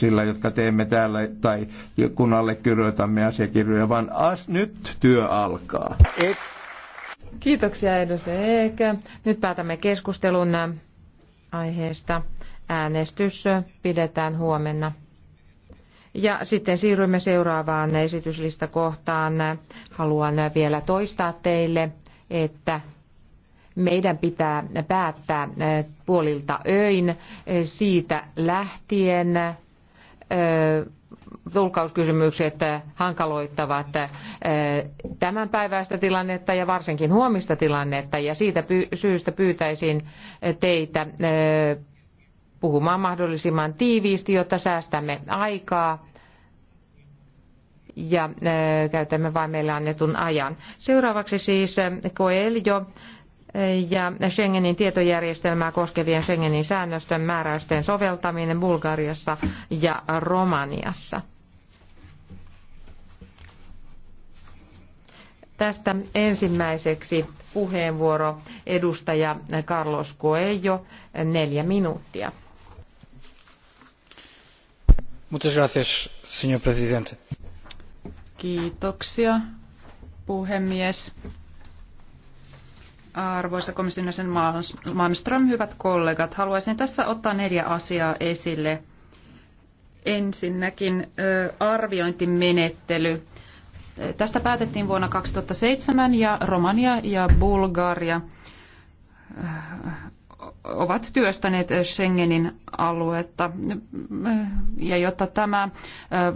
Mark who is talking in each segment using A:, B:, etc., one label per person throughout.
A: sillä, jotka teemme täällä tai kun allekirjoitamme asiakirjoja, vaan as, nyt työ alkaa. Et.
B: Kiitoksia edustaja Eekö. Nyt päätämme keskustelun aiheesta. Äänestys pidetään huomenna. Ja sitten siirrymme seuraavaan esityslistakohtaan. Haluan vielä toistaa teille, että meidän pitää päättää puolilta öin siitä lähtien, tulkauskysymykset hankaloittavat tämän päiväistä tilannetta ja varsinkin huomista tilannetta. Ja siitä syystä pyytäisin teitä puhumaan mahdollisimman tiiviisti, jotta säästämme aikaa ja käytämme vain meille annetun ajan. Seuraavaksi siis Koeljo ja Schengenin tietojärjestelmää koskevien Schengenin säännöstön määräysten soveltaminen Bulgariassa ja Romaniassa. Tästä ensimmäiseksi puheenvuoro edustaja Carlos Coelho, neljä minuuttia. Muchas gracias, señor presidente.
C: Kiitoksia, puhemies. Arvoisa komission jäsen Malmström, hyvät kollegat, haluaisin tässä ottaa neljä asiaa esille. Ensinnäkin arviointimenettely. Tästä päätettiin vuonna 2007 ja Romania ja Bulgaria ovat työstäneet Schengenin aluetta. Ja jotta tämä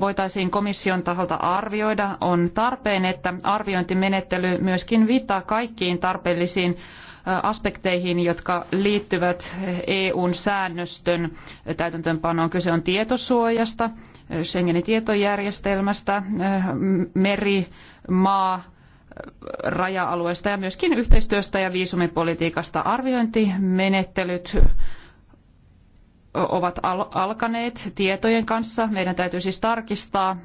C: voitaisiin komission taholta arvioida, on tarpeen, että arviointimenettely myöskin viittaa kaikkiin tarpeellisiin aspekteihin, jotka liittyvät EUn säännöstön täytäntöönpanoon. Kyse on tietosuojasta, Schengenin tietojärjestelmästä, meri, maa, raja-alueesta ja myöskin yhteistyöstä ja viisumipolitiikasta. Arviointimenettelyt ovat alkaneet tietojen kanssa. Meidän täytyy siis tarkistaa,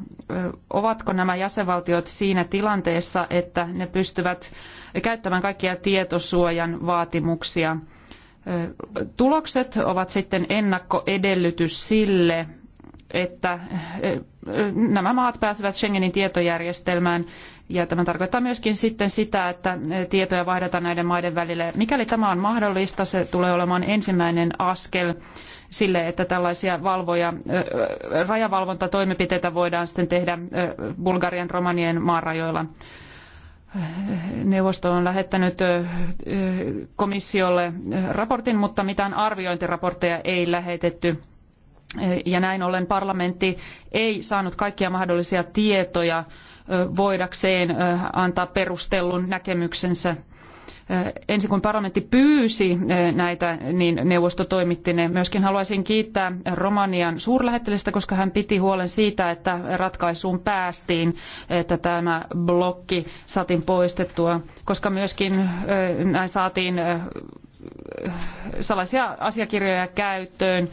C: ovatko nämä jäsenvaltiot siinä tilanteessa, että ne pystyvät käyttämään kaikkia tietosuojan vaatimuksia. Tulokset ovat sitten ennakkoedellytys sille, että eh, eh, nämä maat pääsevät Schengenin tietojärjestelmään ja tämä tarkoittaa myöskin sitten sitä, että eh, tietoja vaihdetaan näiden maiden välille. Mikäli tämä on mahdollista, se tulee olemaan ensimmäinen askel sille, että tällaisia valvoja, rajavalvontatoimenpiteitä voidaan sitten tehdä Bulgarian, Romanien maarajoilla. Neuvosto on lähettänyt komissiolle raportin, mutta mitään arviointiraportteja ei lähetetty ja näin ollen parlamentti ei saanut kaikkia mahdollisia tietoja voidakseen antaa perustellun näkemyksensä. Ensin kun parlamentti pyysi näitä, niin neuvosto toimitti ne. Myöskin haluaisin kiittää Romanian suurlähettilästä, koska hän piti huolen siitä, että ratkaisuun päästiin, että tämä blokki saatiin poistettua, koska myöskin näin saatiin salaisia asiakirjoja käyttöön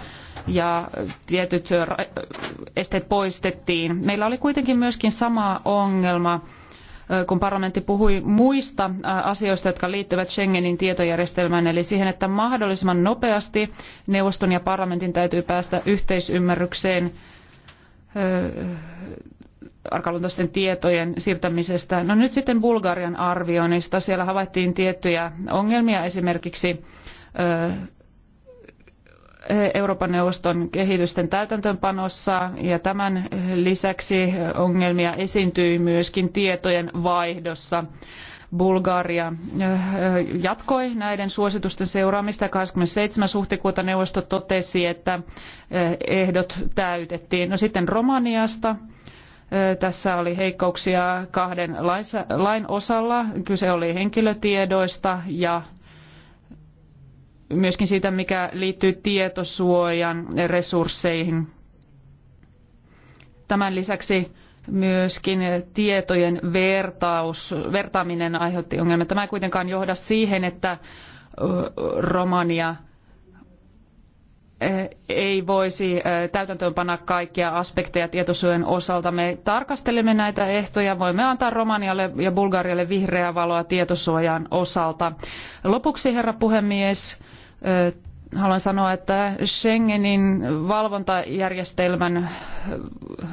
C: ja tietyt esteet poistettiin. Meillä oli kuitenkin myöskin sama ongelma, kun parlamentti puhui muista asioista, jotka liittyvät Schengenin tietojärjestelmään, eli siihen, että mahdollisimman nopeasti neuvoston ja parlamentin täytyy päästä yhteisymmärrykseen arkaluontoisten tietojen siirtämisestä. No nyt sitten Bulgarian arvioinnista. Siellä havaittiin tiettyjä ongelmia esimerkiksi Euroopan neuvoston kehitysten täytäntöönpanossa ja tämän lisäksi ongelmia esiintyi myöskin tietojen vaihdossa. Bulgaria jatkoi näiden suositusten seuraamista. 27. huhtikuuta neuvosto totesi, että ehdot täytettiin. No sitten Romaniasta tässä oli heikkouksia kahden lain osalla. Kyse oli henkilötiedoista ja myöskin siitä, mikä liittyy tietosuojan resursseihin. Tämän lisäksi myöskin tietojen vertaus, vertaaminen aiheutti ongelmia. Tämä ei kuitenkaan johda siihen, että Romania – Eh, ei voisi eh, täytäntöönpanna kaikkia aspekteja tietosuojan osalta. Me tarkastelemme näitä ehtoja. Voimme antaa Romanialle ja Bulgarialle vihreää valoa tietosuojan osalta. Lopuksi, herra puhemies, eh, haluan sanoa, että Schengenin valvontajärjestelmän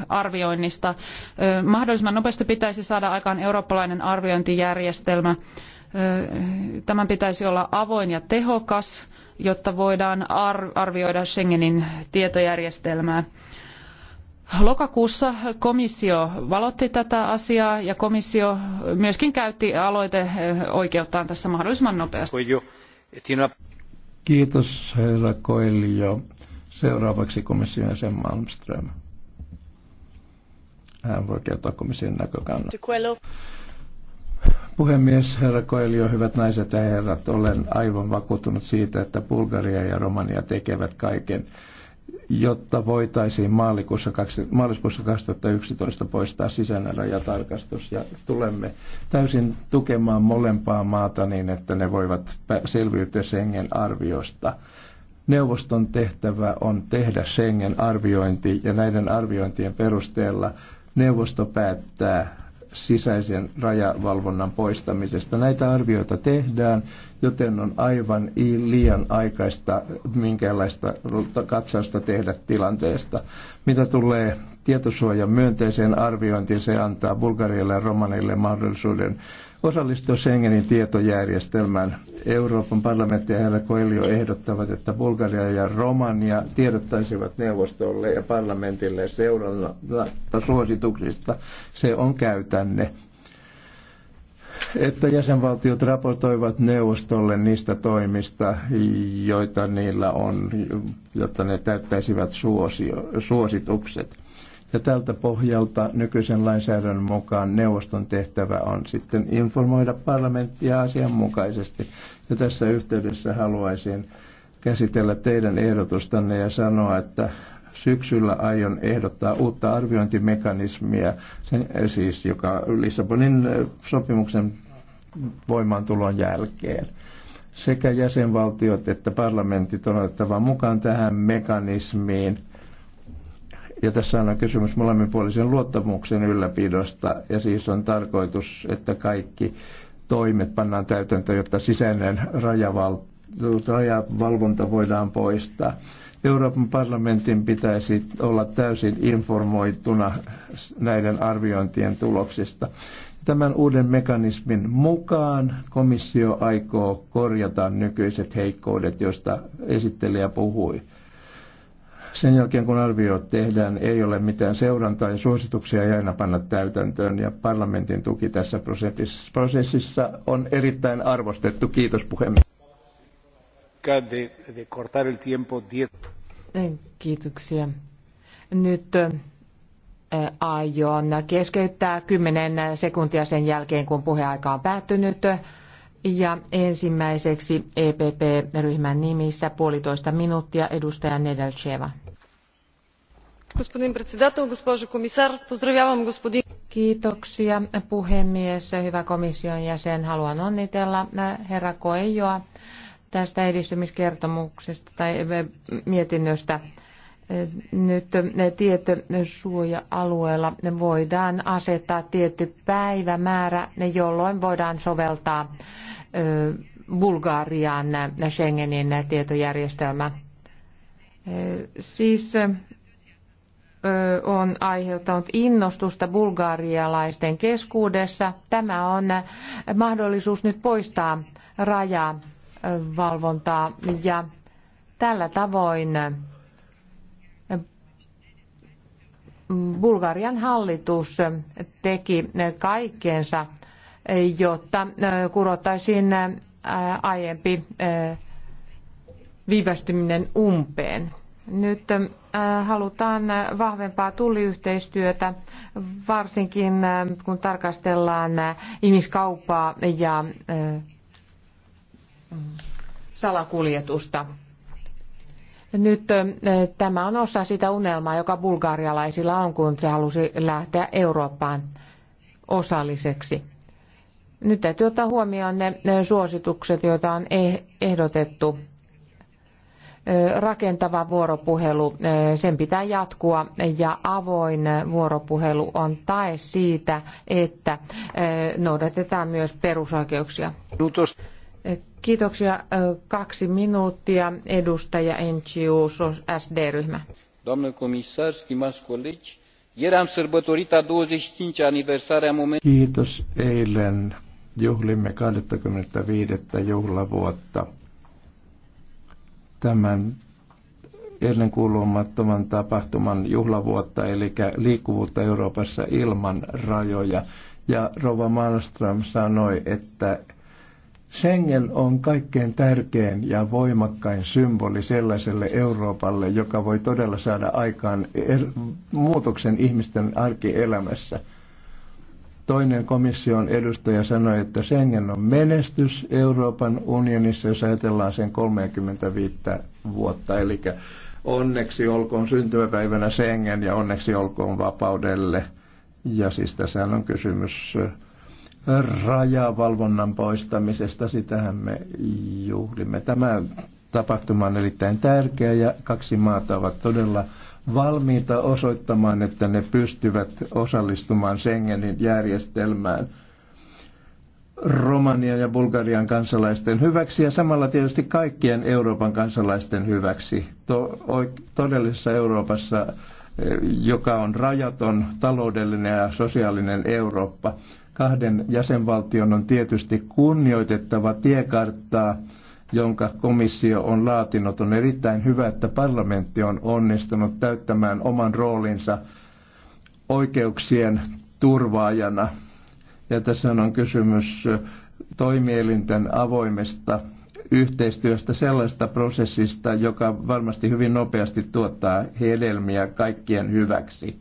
C: arvioinnista mahdollisimman nopeasti pitäisi saada aikaan eurooppalainen arviointijärjestelmä. Tämän pitäisi olla avoin ja tehokas jotta voidaan arvioida Schengenin tietojärjestelmää. Lokakuussa komissio valotti tätä asiaa ja komissio myöskin käytti aloiteoikeuttaan eh, tässä mahdollisimman nopeasti.
A: Kiitos herra Koilio. Seuraavaksi komission jäsen Malmström. Hän voi kertoa komission näkökannan. Puhemies, herra Koelio, hyvät naiset ja herrat, olen aivan vakuuttunut siitä, että Bulgaria ja Romania tekevät kaiken, jotta voitaisiin maaliskuussa 2011 poistaa sisäinen rajatarkastus ja tulemme täysin tukemaan molempaa maata niin, että ne voivat selviytyä Schengen arviosta. Neuvoston tehtävä on tehdä Schengen arviointi ja näiden arviointien perusteella neuvosto päättää sisäisen rajavalvonnan poistamisesta. Näitä arvioita tehdään, joten on aivan liian aikaista minkäänlaista katsausta tehdä tilanteesta. Mitä tulee tietosuojan myönteiseen arviointiin, se antaa Bulgarialle ja Romanille mahdollisuuden osallistua Schengenin tietojärjestelmään. Euroopan parlamentti ja herra Koelio ehdottavat, että Bulgaria ja Romania tiedottaisivat neuvostolle ja parlamentille seurannasta suosituksista. Se on käytänne että jäsenvaltiot raportoivat neuvostolle niistä toimista, joita niillä on, jotta ne täyttäisivät suosio, suositukset. Ja tältä pohjalta nykyisen lainsäädännön mukaan neuvoston tehtävä on sitten informoida parlamenttia asianmukaisesti. Ja tässä yhteydessä haluaisin käsitellä teidän ehdotustanne ja sanoa, että syksyllä aion ehdottaa uutta arviointimekanismia, sen, siis joka Lissabonin sopimuksen voimaantulon jälkeen. Sekä jäsenvaltiot että parlamentit on otettava mukaan tähän mekanismiin ja tässä on kysymys molemminpuolisen luottamuksen ylläpidosta, ja siis on tarkoitus, että kaikki toimet pannaan täytäntöön, jotta sisäinen rajaval- rajavalvonta voidaan poistaa. Euroopan parlamentin pitäisi olla täysin informoituna näiden arviointien tuloksista. Tämän uuden mekanismin mukaan komissio aikoo korjata nykyiset heikkoudet, joista esittelijä puhui. Sen jälkeen kun arviot tehdään, ei ole mitään seurantaa ja suosituksia ei aina panna täytäntöön. Ja parlamentin tuki tässä prosessissa on erittäin arvostettu. Kiitos puhemies.
B: Kiitoksia. Nyt aion keskeyttää 10 sekuntia sen jälkeen, kun puheaika on päättynyt. Ja ensimmäiseksi EPP-ryhmän nimissä puolitoista minuuttia edustaja Nedelcheva. Kiitoksia puhemies, hyvä komission jäsen. Haluan onnitella äh, herra Koejoa tästä edistymiskertomuksesta tai äh, mietinnöstä nyt tietosuoja-alueella voidaan asettaa tietty päivämäärä, jolloin voidaan soveltaa Bulgarian Schengenin tietojärjestelmä. Siis on aiheuttanut innostusta bulgarialaisten keskuudessa. Tämä on mahdollisuus nyt poistaa rajavalvontaa ja tällä tavoin Bulgarian hallitus teki kaikkeensa, jotta kurottaisiin aiempi viivästyminen umpeen. Nyt halutaan vahvempaa tulliyhteistyötä, varsinkin kun tarkastellaan ihmiskauppaa ja salakuljetusta. Nyt tämä on osa sitä unelmaa, joka bulgarialaisilla on, kun se halusi lähteä Eurooppaan osalliseksi. Nyt täytyy ottaa huomioon ne suositukset, joita on eh, ehdotettu. Rakentava vuoropuhelu, sen pitää jatkua ja avoin vuoropuhelu on tae siitä, että noudatetaan myös perusoikeuksia. Kiitoksia. Kaksi minuuttia. Edustaja NGU, SD-ryhmä.
A: Doamnă comisar, stimați colegi, ieri am 25 aniversare a momentului... Kiitos eilen. Juhlimme 25. juhlavuotta. Tämän ennen kuulumattoman tapahtuman juhlavuotta, eli liikkuvuutta Euroopassa ilman rajoja. Ja Rova Malmström sanoi, että Schengen on kaikkein tärkein ja voimakkain symboli sellaiselle Euroopalle, joka voi todella saada aikaan er-, muutoksen ihmisten arkielämässä. Toinen komission edustaja sanoi, että Schengen on menestys Euroopan unionissa, jos ajatellaan sen 35 vuotta. Eli onneksi olkoon syntymäpäivänä Schengen ja onneksi olkoon vapaudelle. Ja siis tässä on kysymys rajavalvonnan poistamisesta. Sitähän me juhlimme. Tämä tapahtuma on erittäin tärkeä ja kaksi maata ovat todella valmiita osoittamaan, että ne pystyvät osallistumaan Schengenin järjestelmään Romanian ja Bulgarian kansalaisten hyväksi ja samalla tietysti kaikkien Euroopan kansalaisten hyväksi. To, todellisessa Euroopassa, eh, joka on rajaton taloudellinen ja sosiaalinen Eurooppa kahden jäsenvaltion on tietysti kunnioitettava tiekarttaa, jonka komissio on laatinut. On erittäin hyvä, että parlamentti on onnistunut täyttämään oman roolinsa oikeuksien turvaajana. Ja tässä on kysymys toimielinten avoimesta yhteistyöstä sellaista prosessista, joka varmasti hyvin nopeasti tuottaa hedelmiä kaikkien hyväksi.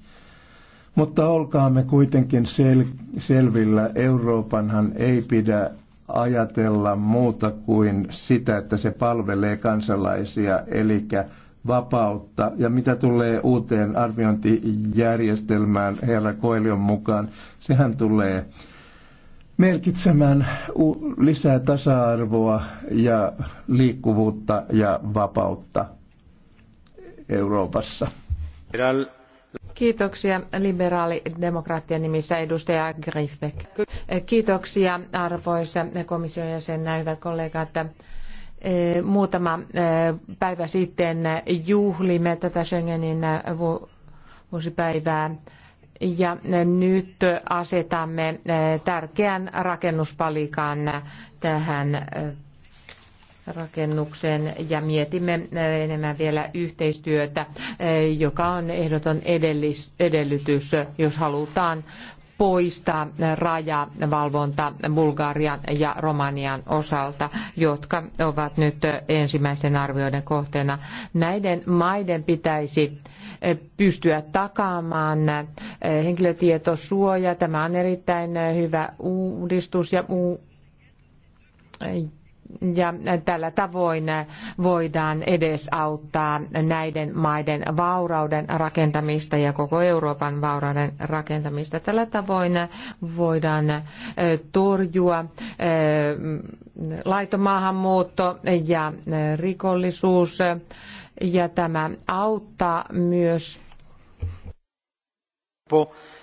A: Mutta olkaamme kuitenkin sel- selvillä, Euroopanhan ei pidä ajatella muuta kuin sitä, että se palvelee kansalaisia, eli vapautta. Ja mitä tulee uuteen arviointijärjestelmään herra Koelion mukaan, sehän tulee merkitsemään lisää tasa-arvoa ja liikkuvuutta ja vapautta Euroopassa.
B: Kiitoksia liberaalidemokraattien nimissä edustaja Grisbeck. Kiitoksia arvoisa komission jäsen, hyvät kollegat. Eh, muutama eh, päivä sitten juhlimme tätä Schengenin eh, vuosipäivää ja nyt asetamme tärkeän rakennuspalikan tähän rakennukseen ja mietimme enemmän vielä yhteistyötä, joka on ehdoton edellis, edellytys, jos halutaan poistaa rajavalvonta Bulgarian ja Romanian osalta, jotka ovat nyt ensimmäisten arvioiden kohteena. Näiden maiden pitäisi pystyä takaamaan henkilötietosuoja. Tämä on erittäin hyvä uudistus ja ja tällä tavoin voidaan edesauttaa näiden maiden vaurauden rakentamista ja koko Euroopan vaurauden rakentamista. Tällä tavoin voidaan torjua laitomaahanmuutto ja rikollisuus ja tämä auttaa myös.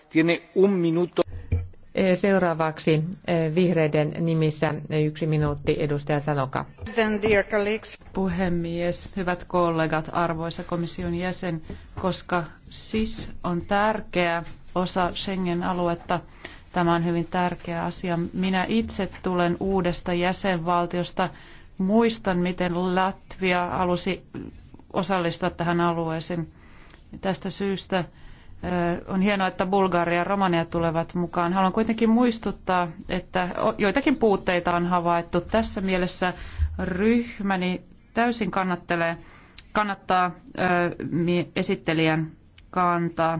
A: Tiene un minuto.
B: Seuraavaksi eh, vihreiden nimissä yksi minuutti edustaja Sanoka.
C: Puhemies, hyvät kollegat, arvoisa komission jäsen, koska SIS on tärkeä osa Schengen-aluetta, tämä on hyvin tärkeä asia. Minä itse tulen uudesta jäsenvaltiosta. Muistan, miten Latvia halusi osallistua tähän alueeseen. Tästä syystä on hienoa, että Bulgaria ja Romania tulevat mukaan. Haluan kuitenkin muistuttaa, että joitakin puutteita on havaittu. Tässä mielessä ryhmäni täysin kannattelee, kannattaa esittelijän kantaa.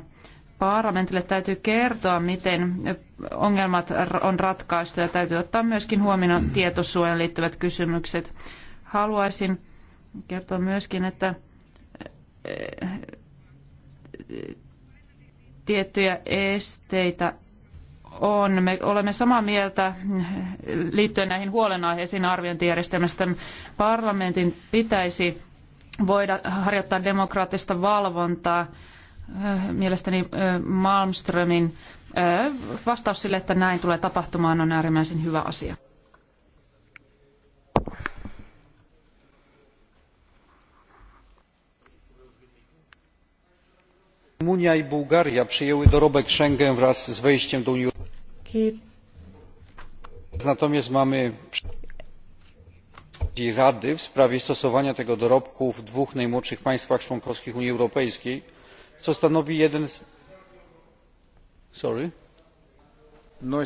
C: Parlamentille täytyy kertoa, miten ongelmat on ratkaistu ja täytyy ottaa myöskin huomioon tietosuojan liittyvät kysymykset. Haluaisin kertoa myöskin, että tiettyjä esteitä on. Me olemme samaa mieltä liittyen näihin huolenaiheisiin arviointijärjestelmästä. Parlamentin pitäisi voida harjoittaa demokraattista valvontaa. Mielestäni Malmströmin vastaus sille, että näin tulee tapahtumaan, on äärimmäisen hyvä asia.
A: Rumunia i Bułgaria przyjęły dorobek Schengen wraz z wejściem do Unii
B: Europejskiej.
A: Natomiast mamy Rady w sprawie stosowania tego dorobku w dwóch najmłodszych państwach członkowskich Unii Europejskiej, co stanowi jeden z... No,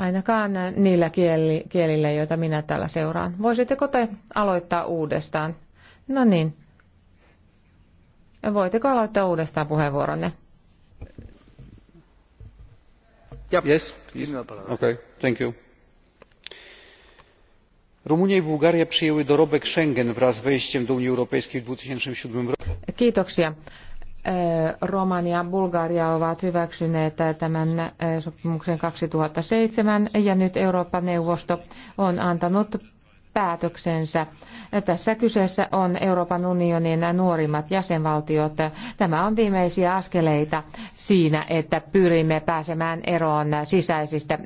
B: ainakaan niillä kielillä, joita minä täällä seuraan. Voisitteko te aloittaa uudestaan? No niin. Voitteko aloittaa uudestaan puheenvuoronne?
A: Yep. Yes. yes. Okay. Thank you. Rumunia ja Bulgaria przyjęły dorobek Schengen wraz z wejściem do Unii Europejskiej w 2007 roku.
B: Kiitoksia. Romania ja Bulgaria ovat hyväksyneet tämän sopimuksen 2007 ja nyt Euroopan neuvosto on antanut päätöksensä. Tässä kyseessä on Euroopan unionin nuorimmat jäsenvaltiot. Tämä on viimeisiä askeleita siinä, että pyrimme pääsemään eroon sisäisistä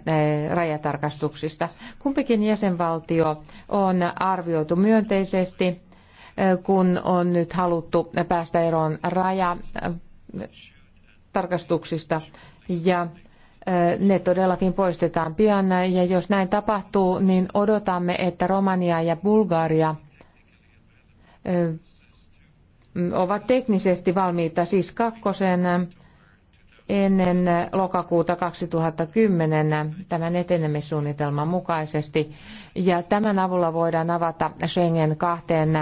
B: rajatarkastuksista. Kumpikin jäsenvaltio on arvioitu myönteisesti kun on nyt haluttu päästä eroon rajatarkastuksista ja eh, ne todellakin poistetaan pian ja jos näin tapahtuu, niin odotamme, että Romania ja Bulgaria eh, ovat teknisesti valmiita siis kakkosen ennen lokakuuta 2010 tämän etenemissuunnitelman mukaisesti. Ja tämän avulla voidaan avata Schengen kahteen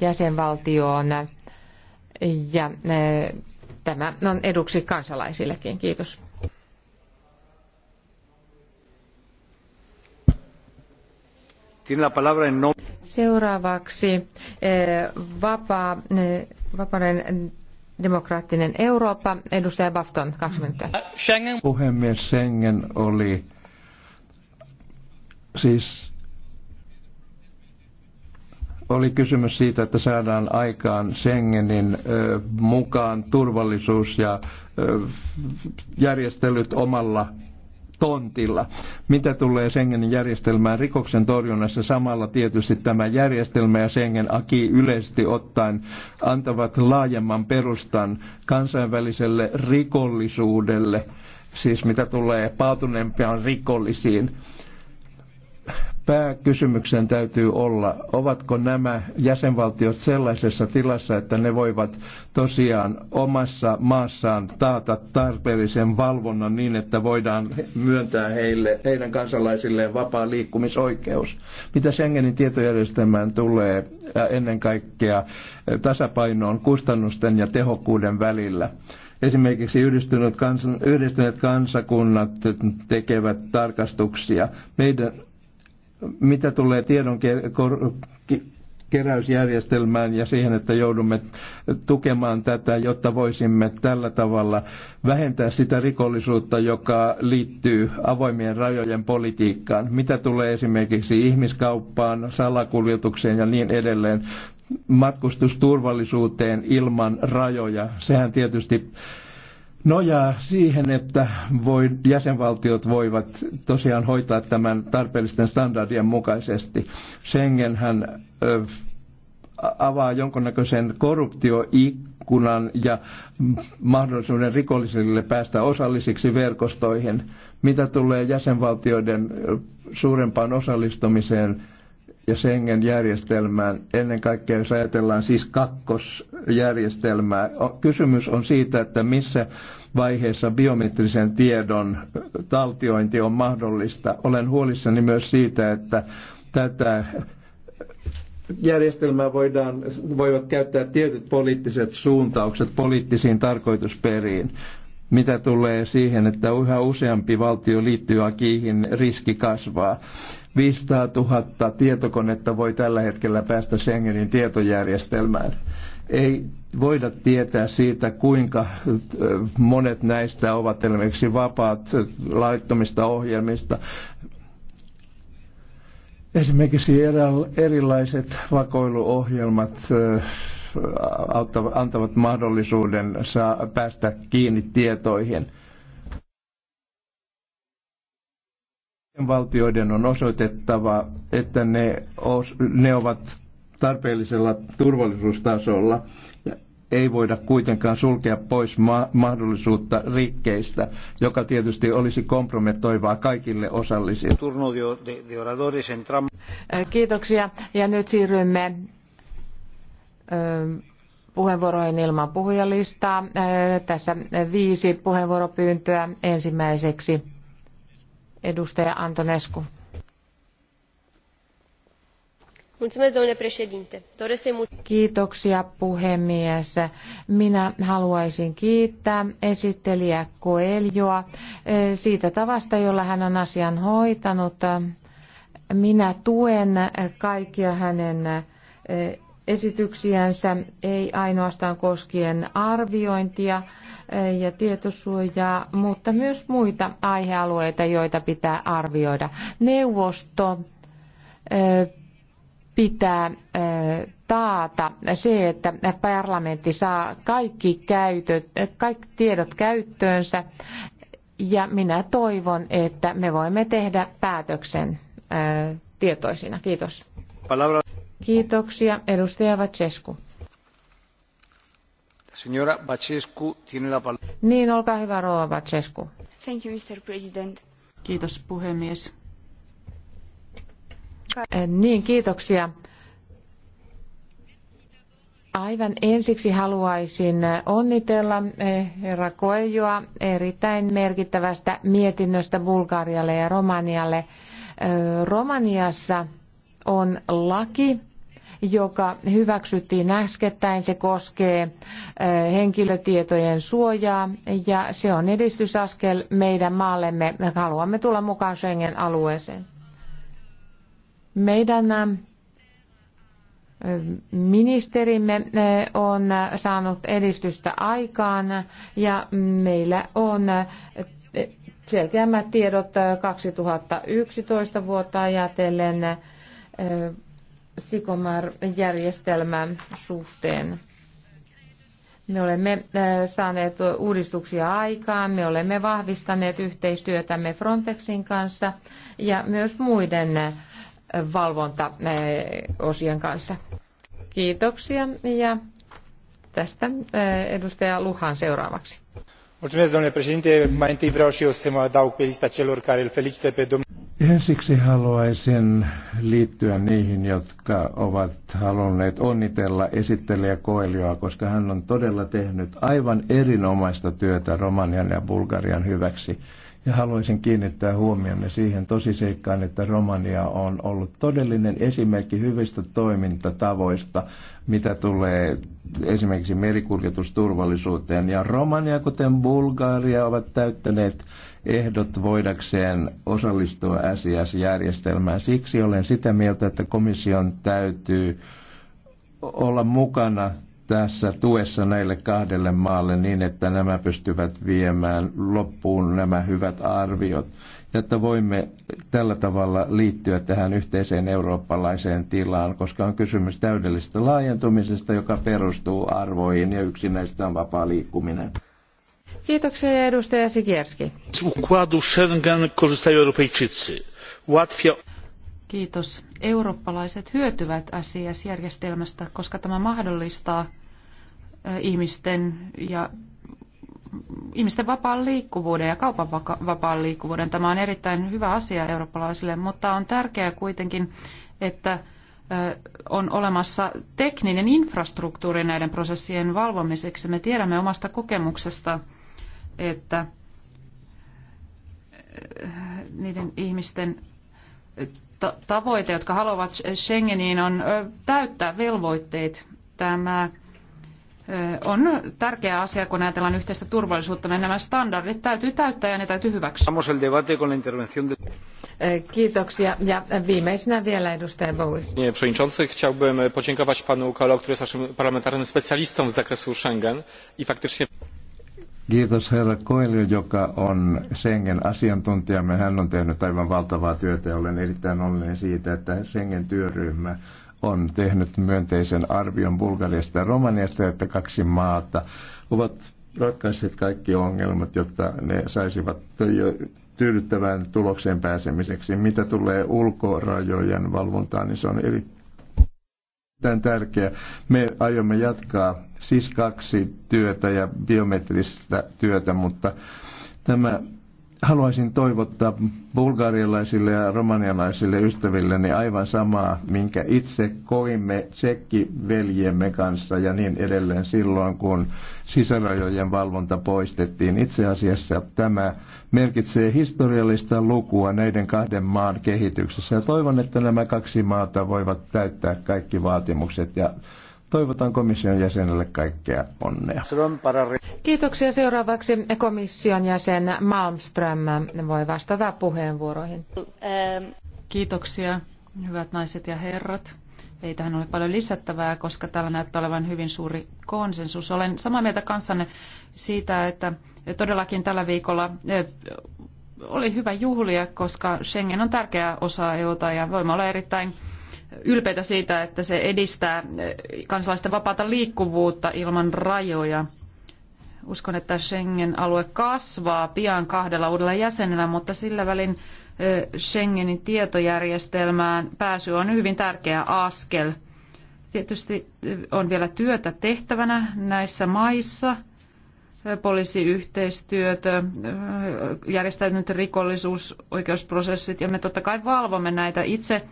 B: jäsenvaltioon ja eh, tämä on eduksi kansalaisillekin. Kiitos. No- Seuraavaksi eh, vapaa, eh, vapauden demokraattinen Eurooppa. Edustaja Bafton, kaksi minuuttia.
A: Schengen. Puhemies Schengen oli siis oli kysymys siitä, että saadaan aikaan Schengenin mukaan turvallisuus ja järjestelyt omalla tontilla. Mitä tulee Schengenin järjestelmään rikoksen torjunnassa, samalla tietysti tämä järjestelmä ja Schengen aki yleisesti ottaen antavat laajemman perustan kansainväliselle rikollisuudelle, siis mitä tulee paatuneempiaan rikollisiin pääkysymyksen täytyy olla, ovatko nämä jäsenvaltiot sellaisessa tilassa, että ne voivat tosiaan omassa maassaan taata tarpeellisen valvonnan niin, että voidaan myöntää heille, heidän kansalaisilleen vapaa liikkumisoikeus. Mitä Schengenin tietojärjestelmään tulee ja ennen kaikkea tasapainoon kustannusten ja tehokkuuden välillä? Esimerkiksi yhdistyneet, kansan, yhdistyneet kansakunnat tekevät tarkastuksia. Meidän mitä tulee tiedon keräysjärjestelmään ja siihen, että joudumme tukemaan tätä, jotta voisimme tällä tavalla vähentää sitä rikollisuutta, joka liittyy avoimien rajojen politiikkaan. Mitä tulee esimerkiksi ihmiskauppaan, salakuljetukseen ja niin edelleen, matkustusturvallisuuteen ilman rajoja. Sehän tietysti nojaa siihen, että voi, jäsenvaltiot voivat tosiaan hoitaa tämän tarpeellisten standardien mukaisesti. Schengenhän ö, avaa jonkunnäköisen korruptioikkunan ja mahdollisuuden rikollisille päästä osallisiksi verkostoihin. Mitä tulee jäsenvaltioiden suurempaan osallistumiseen ja Schengen-järjestelmään, ennen kaikkea jos ajatellaan siis kakkosjärjestelmää. Kysymys on siitä, että missä vaiheessa biometrisen tiedon taltiointi on mahdollista. Olen huolissani myös siitä, että tätä järjestelmää voidaan, voivat käyttää tietyt poliittiset suuntaukset poliittisiin tarkoitusperiin. Mitä tulee siihen, että yhä useampi valtio liittyy akiihin, riski kasvaa. 500 000 tietokonetta voi tällä hetkellä päästä Schengenin tietojärjestelmään. Ei voida tietää siitä, kuinka äh, monet näistä ovat esimerkiksi vapaat äh, laittomista ohjelmista. Esimerkiksi erilaiset vakoiluohjelmat äh, antavat mahdollisuuden saa päästä kiinni tietoihin – Valtioiden on osoitettava, että ne, os, ne ovat tarpeellisella turvallisuustasolla. ja Ei voida kuitenkaan sulkea pois ma- mahdollisuutta rikkeistä, joka tietysti olisi kompromettoivaa kaikille osallisille.
B: Kiitoksia. Ja nyt siirrymme puheenvuoroihin ilman puhujalistaa. Tässä viisi puheenvuoropyyntöä ensimmäiseksi. Edustaja Antonescu. Kiitoksia puhemies. Minä haluaisin kiittää esittelijä Koeljoa eh, siitä tavasta, jolla hän on asian hoitanut. Minä tuen kaikkia hänen eh, esityksiänsä, ei ainoastaan koskien arviointia, Eh, ja tietosuojaa, mutta myös muita aihealueita, joita pitää arvioida. Neuvosto eh, pitää eh, taata se, että parlamentti saa kaikki, käytöt, kaikki tiedot käyttöönsä ja minä toivon, että me voimme tehdä päätöksen tietoisina. Kiitos. Kiitoksia. Edustaja Vacescu. Niin, olkaa hyvä, Rova Bacescu. Thank you, Mr. President. Kiitos, puhemies. Eh, niin, kiitoksia. Aivan ensiksi haluaisin onnitella eh, herra Koejoa erittäin merkittävästä mietinnöstä Bulgarialle ja Romanialle. Eh, Romaniassa on laki, joka hyväksyttiin äskettäin. Se koskee henkilötietojen suojaa ja se on edistysaskel meidän maallemme. Haluamme tulla mukaan Schengen-alueeseen. Meidän ministerimme on saanut edistystä aikaan ja meillä on selkeämmät tiedot 2011 vuotta ajatellen Sikomar-järjestelmän suhteen. Me olemme äh, saaneet uudistuksia aikaan, me olemme vahvistaneet yhteistyötämme Frontexin kanssa ja myös muiden äh, valvontaosien kanssa. Kiitoksia ja tästä äh, edustaja Luhan seuraavaksi.
A: Mulțumesc, domnule președinte. Mai întâi vreau și eu să mă adaug pe lista celor care îl felicită pe domnul Ensiksi haluaisin liittyä niihin, jotka ovat halunneet onnitella esittelijä Koelioa, koska hän on todella tehnyt aivan erinomaista työtä Romanian ja Bulgarian hyväksi. Ja haluaisin kiinnittää huomionne siihen tosiseikkaan, että Romania on ollut todellinen esimerkki hyvistä toimintatavoista, mitä tulee esimerkiksi merikuljetusturvallisuuteen. Ja Romania, kuten Bulgaria, ovat täyttäneet ehdot voidakseen osallistua SIS-järjestelmään. Siksi olen sitä mieltä, että komission täytyy olla mukana tässä tuessa näille kahdelle maalle niin, että nämä pystyvät viemään loppuun nämä hyvät arviot, jotta voimme tällä tavalla liittyä tähän yhteiseen eurooppalaiseen tilaan, koska on kysymys täydellisestä laajentumisesta, joka perustuu arvoihin ja yksi näistä on vapaa liikkuminen.
B: Kiitoksia
C: edustaja Sikierski. Kiitos. Eurooppalaiset hyötyvät SIS-järjestelmästä, koska tämä mahdollistaa ihmisten ja ihmisten vapaan liikkuvuuden ja kaupan vapaan liikkuvuuden. Tämä on erittäin hyvä asia eurooppalaisille, mutta on tärkeää kuitenkin, että on olemassa tekninen infrastruktuuri näiden prosessien valvomiseksi. Me tiedämme omasta kokemuksesta, että niiden ihmisten tavoite, jotka haluavat Schengeniin, on täyttää velvoitteet. Tämä on tärkeä asia, kun ajatellaan yhteistä turvallisuutta. nämä standardit täytyy täyttää ja ne täytyy hyväksyä. E, kiitoksia.
B: Ja e, viimeisenä vielä edustaja Bowis.
A: Nie, przewodniczący, chciałbym podziękować panu Kalo, który jest naszym parlamentarnym specjalistą w zakresu Schengen i faktycznie... Kiitos herra Koelio, joka on Schengen asiantuntijamme. Hän on tehnyt aivan valtavaa työtä ja olen erittäin onnellinen siitä, että Schengen työryhmä on tehnyt myönteisen arvion Bulgariasta ja Romaniasta, että kaksi maata ovat ratkaisseet kaikki ongelmat, jotta ne saisivat tyydyttävään tulokseen pääsemiseksi. Mitä tulee ulkorajojen valvontaan, niin se on erittäin erittäin tärkeä. Me aiomme jatkaa siis kaksi työtä ja biometristä työtä, mutta tämä haluaisin toivottaa bulgarialaisille ja romanialaisille ystävilleni aivan samaa, minkä itse koimme tsekkiveljemme kanssa ja niin edelleen silloin, kun sisärajojen valvonta poistettiin. Itse asiassa tämä merkitsee historiallista lukua näiden kahden maan kehityksessä. Ja toivon, että nämä kaksi maata voivat täyttää kaikki vaatimukset ja Toivotan komission jäsenelle kaikkea onnea.
B: Kiitoksia. Seuraavaksi komission jäsen Malmström voi vastata puheenvuoroihin.
C: Kiitoksia, hyvät naiset ja herrat. Ei tähän ole paljon lisättävää, koska täällä näyttää olevan hyvin suuri konsensus. Olen samaa mieltä kanssanne siitä, että todellakin tällä viikolla oli hyvä juhlia, koska Schengen on tärkeä osa EUta ja voimme olla erittäin ylpeitä siitä, että se edistää kansalaisten vapaata liikkuvuutta ilman rajoja. Uskon, että Schengen-alue kasvaa pian kahdella uudella jäsenellä, mutta sillä välin Schengenin tietojärjestelmään pääsy on hyvin tärkeä askel. Tietysti on vielä työtä tehtävänä näissä maissa, poliisiyhteistyötä, järjestäytynyt rikollisuus, oikeusprosessit ja me totta kai valvomme näitä itse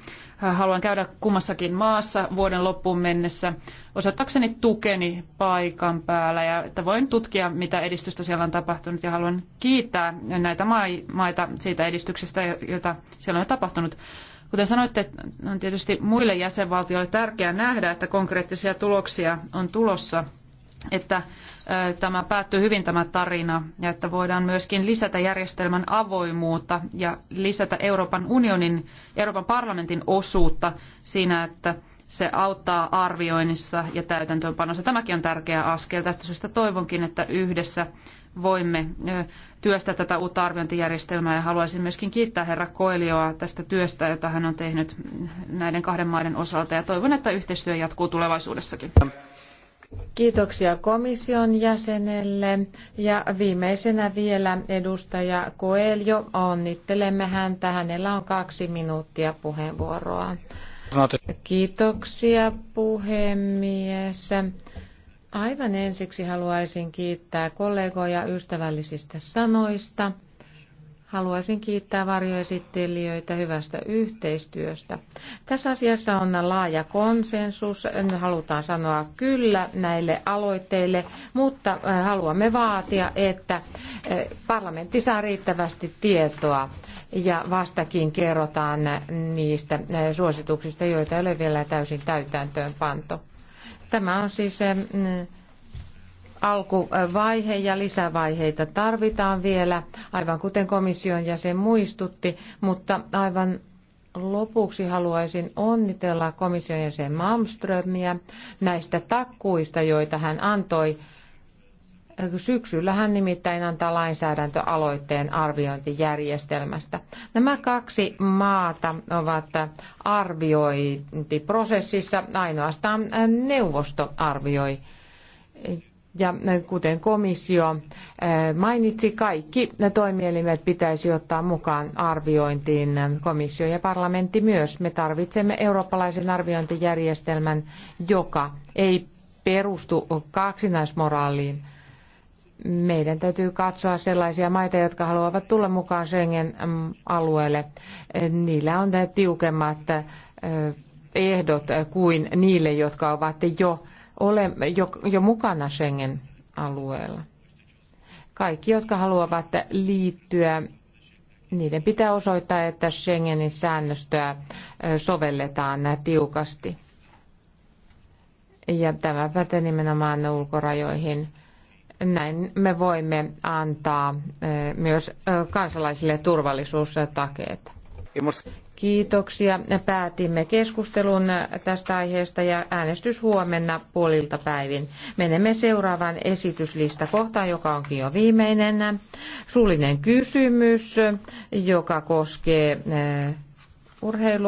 C: Haluan käydä kummassakin maassa vuoden loppuun mennessä osoittakseni tukeni paikan päällä ja että voin tutkia, mitä edistystä siellä on tapahtunut ja haluan kiittää näitä maita siitä edistyksestä, jota siellä on tapahtunut. Kuten sanoitte, on tietysti muille jäsenvaltioille tärkeää nähdä, että konkreettisia tuloksia on tulossa – että tämä päättyy hyvin tämä tarina ja että voidaan myöskin lisätä järjestelmän avoimuutta ja lisätä Euroopan unionin, Euroopan parlamentin osuutta siinä, että se auttaa arvioinnissa ja täytäntöönpanossa. Tämäkin on tärkeä askel. Tästä syystä toivonkin, että yhdessä voimme työstää tätä uutta arviointijärjestelmää ja haluaisin myöskin kiittää herra Koilioa tästä työstä, jota hän on tehnyt näiden kahden maiden osalta ja toivon, että yhteistyö jatkuu tulevaisuudessakin.
B: Kiitoksia komission jäsenelle ja viimeisenä vielä edustaja Koeljo. Onnittelemme häntä. Hänellä on kaksi minuuttia puheenvuoroa. Kiitoksia puhemies. Aivan ensiksi haluaisin kiittää kollegoja ystävällisistä sanoista. Haluaisin kiittää varjoesittelijöitä hyvästä yhteistyöstä. Tässä asiassa on laaja konsensus. Halutaan sanoa kyllä näille aloitteille, mutta äh, haluamme vaatia, että äh, parlamentti saa riittävästi tietoa ja vastakin kerrotaan niistä äh, suosituksista, joita ei ole vielä täysin täytäntöön panto. Tämä on siis alkuvaihe ja lisävaiheita tarvitaan vielä, aivan kuten komission jäsen muistutti, mutta aivan lopuksi haluaisin onnitella komission jäsen Malmströmiä näistä takkuista, joita hän antoi. Syksyllä hän nimittäin antaa lainsäädäntöaloitteen arviointijärjestelmästä. Nämä kaksi maata ovat arviointiprosessissa. Ainoastaan neuvosto arvioi ja äh, kuten komissio äh, mainitsi, kaikki toimielimet pitäisi ottaa mukaan arviointiin, äh, komissio ja parlamentti myös. Me tarvitsemme eurooppalaisen arviointijärjestelmän, joka ei perustu kaksinaismoraaliin. Meidän täytyy katsoa sellaisia maita, jotka haluavat tulla mukaan Schengen-alueelle. Mm, Niillä on tiukemmat ehdot kuin niille, jotka ovat jo ole jo, jo mukana Schengen-alueella. Kaikki, jotka haluavat liittyä, niiden pitää osoittaa, että Schengenin säännöstöä sovelletaan tiukasti. Ja tämä pätee nimenomaan ulkorajoihin. Näin me voimme antaa myös kansalaisille turvallisuustakeet. Kiitoksia. Päätimme keskustelun tästä aiheesta ja äänestys huomenna puolilta päivin. Menemme seuraavaan kohtaan, joka onkin jo viimeinen. Suullinen kysymys, joka koskee eh, urheilua.